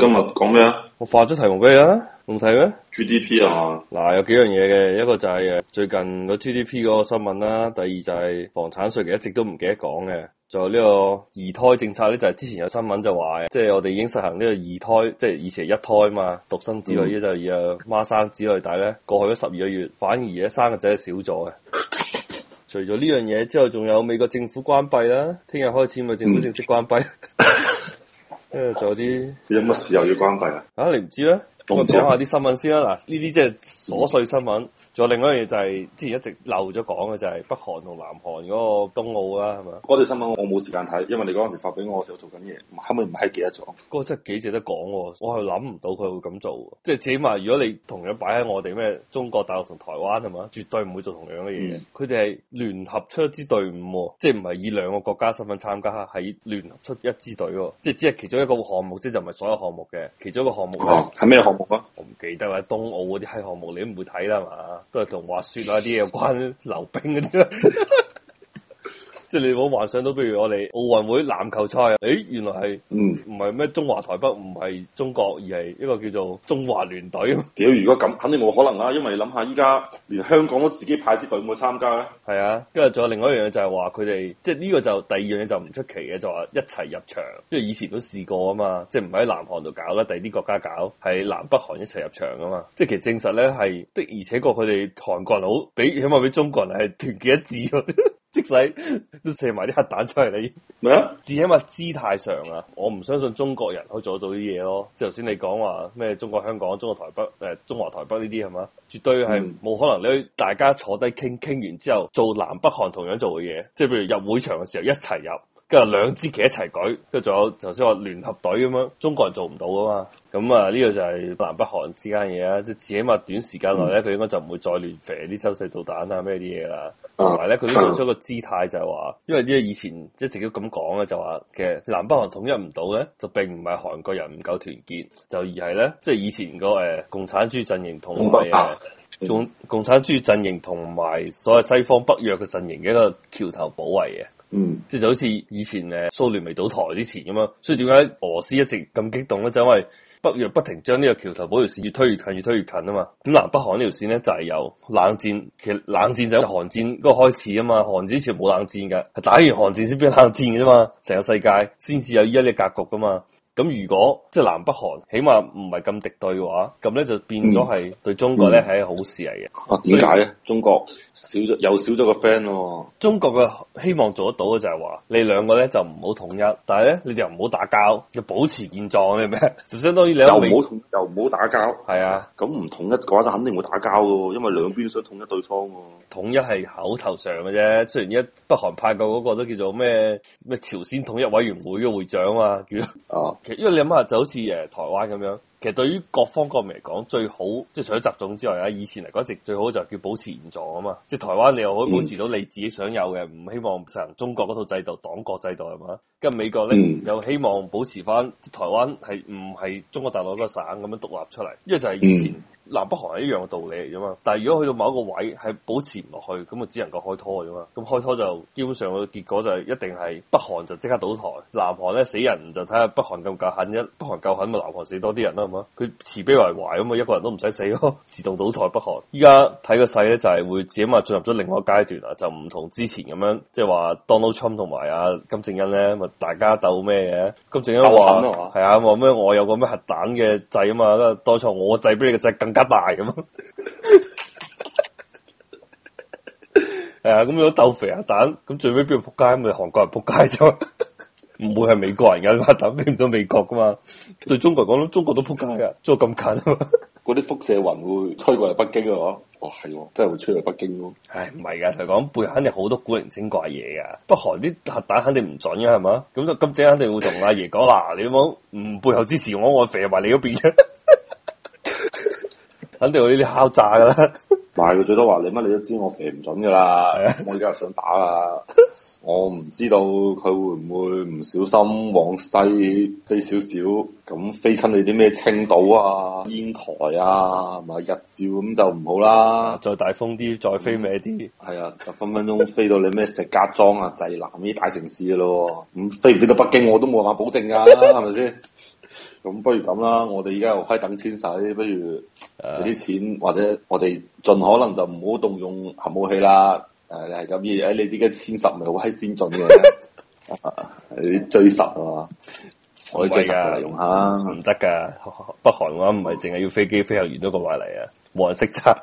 今日講咩啊？我發咗題目俾你啦，唔睇咩？G D P 啊，嗱有幾樣嘢嘅，一個就係、是、誒最近個 G D P 嗰個新聞啦、啊，第二就係房產稅嘅一直都唔記得講嘅，仲有呢個二胎政策咧，就係、是、之前有新聞就話，即、就、係、是、我哋已經實行呢個二胎，即、就、係、是、以前一胎啊嘛，獨生子女咧就係又孖生子女、嗯、但係咧，過去咗十二個月，反而而家生嘅仔係少咗嘅。 除咗呢樣嘢之後，仲有美國政府關閉啦，聽日開始咪政府正式關閉。嗯 跟住仲有啲，佢有乜事又要關閉啊？啊，你唔知啊。我講下啲新聞先啦。嗱，呢啲即係瑣碎新聞。仲、嗯、有另外一樣嘢就係、是、之前一直漏咗講嘅，就係北韓同南韓嗰個冬奧啦，係嘛？嗰條新聞我冇時間睇，因為你嗰陣時發俾我時候，我就做緊嘢，後屘唔係記得咗。嗰個真係幾值得講喎！我係諗唔到佢會咁做。即係起碼，如果你同樣擺喺我哋咩中國大陸同台灣係嘛，絕對唔會做同樣嘅嘢。佢哋係聯合出一支隊伍，即係唔係以兩個國家身份參加，係聯合出一支隊喎。即係只係其中一個項目，即係唔係所有項目嘅其中一個項目、嗯。係咩項目？我唔記得啦，冬奧嗰啲係項目你都唔會睇啦嘛，都係同滑雪啊啲有關，溜冰嗰啲 即係你有冇幻想到，譬如我哋奧運會籃球賽啊，誒、欸，原來係唔係咩中華台北，唔係中國，而係一個叫做中華聯隊。屌，如果咁，肯定冇可能啦。因為你諗下依家連香港都自己派支隊去參加咧。係啊，跟住仲有另外一樣嘢就係話佢哋，即係呢個就第二樣嘢就唔出奇嘅，就話一齊入場，因為以前都試過啊嘛。即係唔喺南韓度搞啦，第二啲國家搞，喺南北韓一齊入場啊嘛。即係其實證實咧係的，而且確佢哋韓國人好比起碼比中國人係團結一致 即使都射埋啲核彈出嚟，你咩啊？只因為姿態上啊，我唔相信中國人可以做到啲嘢咯。即係頭先你講話咩？中國香港、中國台北、誒、呃，中華台北呢啲係嘛？絕對係冇可能。你大家坐低傾，傾完之後做南北韓同樣做嘅嘢，即係譬如入會場嘅時候一齊入。跟住兩支旗一齊舉，跟住仲有頭先話聯合隊咁樣，中國人做唔到噶嘛？咁啊呢，這個就係南北韓之間嘢啦，即係至起碼短時間內咧，佢應該就唔會再亂射啲洲際導彈啊咩啲嘢啦。同埋咧，佢都做出個姿態就係話，因為呢個以前一直都咁講嘅，就話其實南北韓統一唔到咧，就並唔係韓國人唔夠團結，就而係咧，即係以前個誒、呃、共產主義陣營同埋、嗯、共共產主義陣營同埋所謂西方北約嘅陣營嘅一個橋頭保衛嘅。嗯，即係就好似以前誒，蘇聯未倒台之前咁嘛，所以點解俄羅斯一直咁激動咧？就是，因為北約不停將呢個橋頭堡條線越推越近，越推越近啊嘛。咁南北韓呢條線咧就係、是、由冷戰，其實冷戰就係韓戰嗰個開始啊嘛。韓戰之前冇冷戰嘅，打完韓戰先變冷戰嘅啫嘛。成個世界先至有依一啲格局噶嘛。咁如果即係南北韓起碼唔係咁敵對嘅話，咁咧就變咗係對中國咧係、嗯嗯、好事嚟嘅。啊，點解咧？中國。少咗又少咗個 friend 咯、啊，中國嘅希望做得到嘅就係話你兩個咧就唔好統一，但係咧你哋又唔好打交，就保持現狀嘅咩？就 相當於兩個唔好統又唔好打交，係啊，咁唔統一嘅話就肯定會打交嘅，因為兩邊都想統一對方、啊。統一係口頭上嘅啫，雖然一北韓派過嗰個都叫做咩咩朝鮮統一委員會嘅會長啊嘛，叫哦，啊、其實因為你諗下就好似誒台灣咁樣。其實對於各方各面嚟講，最好即係除咗集眾之外啊，以前嚟講一直最好就係叫保持現狀啊嘛，即係台灣你又可以保持到你自己想有嘅，唔、嗯、希望成中國嗰套制度、黨國制度係嘛，跟美國咧又、嗯、希望保持翻台灣係唔係中國大陸嗰個省咁樣獨立出嚟，因為就係以前。嗯。南北韓係一樣嘅道理嚟啫嘛，但係如果去到某一個位係保持唔落去，咁就只能夠開拖嘅啫嘛。咁開拖就基本上個結果就係一定係北韓就即刻倒台，南韓咧死人就睇下北韓夠唔夠狠一，北韓夠狠咪南韓死多啲人啦，係嘛？佢慈悲為懷咁啊，一個人都唔使死咯， 自動倒台北韓。依家睇個勢咧就係會自咁啊進入咗另外一階段啊，就唔同之前咁樣即係話 Donald Trump 同埋啊金正恩咧咪大家鬥咩嘅？金正恩話係啊話咩我有個咩核彈嘅掣啊嘛，當初我掣比你嘅掣更一大咁，係啊，咁樣鬥肥核彈，咁最尾邊度扑街？咪韓國人扑街啫，唔會係美國人噶核彈飛唔到美國噶嘛？對中國嚟講，中國都扑街噶，做咁近吖嘛，嗰啲輻射雲會吹過嚟北京咯。哦，係喎，真係會吹嚟北京咯。唉，唔係噶，佢講背後肯定好多古靈精怪嘢噶。北韓啲核彈肯定唔準噶，係嘛？咁就金正肯定會同阿爺講啦，你冇唔背後支持我，我肥埋你嗰邊啫。肯定會呢啲敲詐噶啦，唔係佢最多話你乜你都知我是、啊我，我肥唔準噶啦。我而家又想打啦，我唔知道佢會唔會唔小心往西飛少少，咁飛親你啲咩青島啊、煙台啊、咪日照咁、啊、就唔好啦。再大風啲，再飛歪啲，係 啊，就分分鐘飛到你咩石家莊啊、濟、就是、南呢大城市噶咯。咁飛唔飛到北京我都冇辦法保證噶，係咪先？咁不如咁啦，我哋而家又開等千使，不如畀啲錢、uh, 或者我哋盡可能就唔好動用核武器啦。誒、 uh,，你係咁嘅，誒，你啲嘅千十咪好閪先進嘅？你追實啊嘛？我可以追啊！用下唔得噶，北韓嘅話唔係淨係要飛機飛行員都個話嚟啊，冇人識測，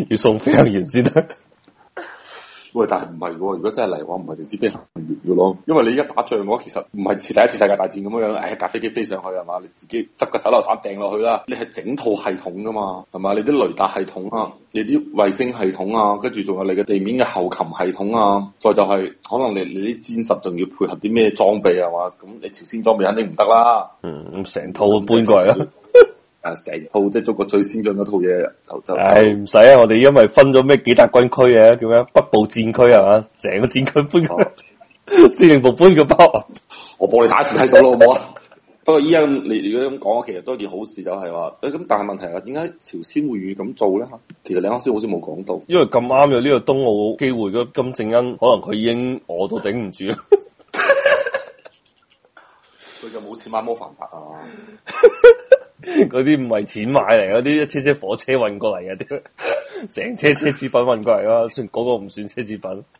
要送飛行員先得。喂，但係唔係喎？如果真係嚟嘅話，唔係淨止飛行員咯。因為你而家打仗嘅話，其實唔係似第一次世界大戰咁樣樣，唉架飛機飛上去係嘛，你自己執個手榴彈掟落去啦。你係整套系統噶嘛，係嘛？你啲雷達系統啊，你啲衛星系統啊，跟住仲有你嘅地面嘅後勤系統啊，再就係、是、可能你你啲戰術，仲要配合啲咩裝備啊，嘛？咁你朝鮮裝備肯定唔得啦。嗯，咁成套搬過嚟啊！ 啊！成套即係中國最先進嗰套嘢就就，唉唔使啊！我哋因為分咗咩幾大軍區啊？叫咩北部戰區係嘛，成個戰區搬司令、哦、部搬個包，哦、我幫你打傳睇數咯，好唔好啊？ 不過依家，你如果咁講，其實都係件好事、就是，就係話誒咁。但係問題係點解朝鮮會咁做咧？吓，其實你啱先好似冇講到，因為咁啱有呢個冬奧機會，金正恩可能佢已經我都頂唔住，佢 就冇錢買魔法塔啊！ 嗰啲唔係錢買嚟，嗰啲一車車火車運過嚟啊！嗰啲成車奢侈品運過嚟啊，那個、算嗰個唔算奢侈品。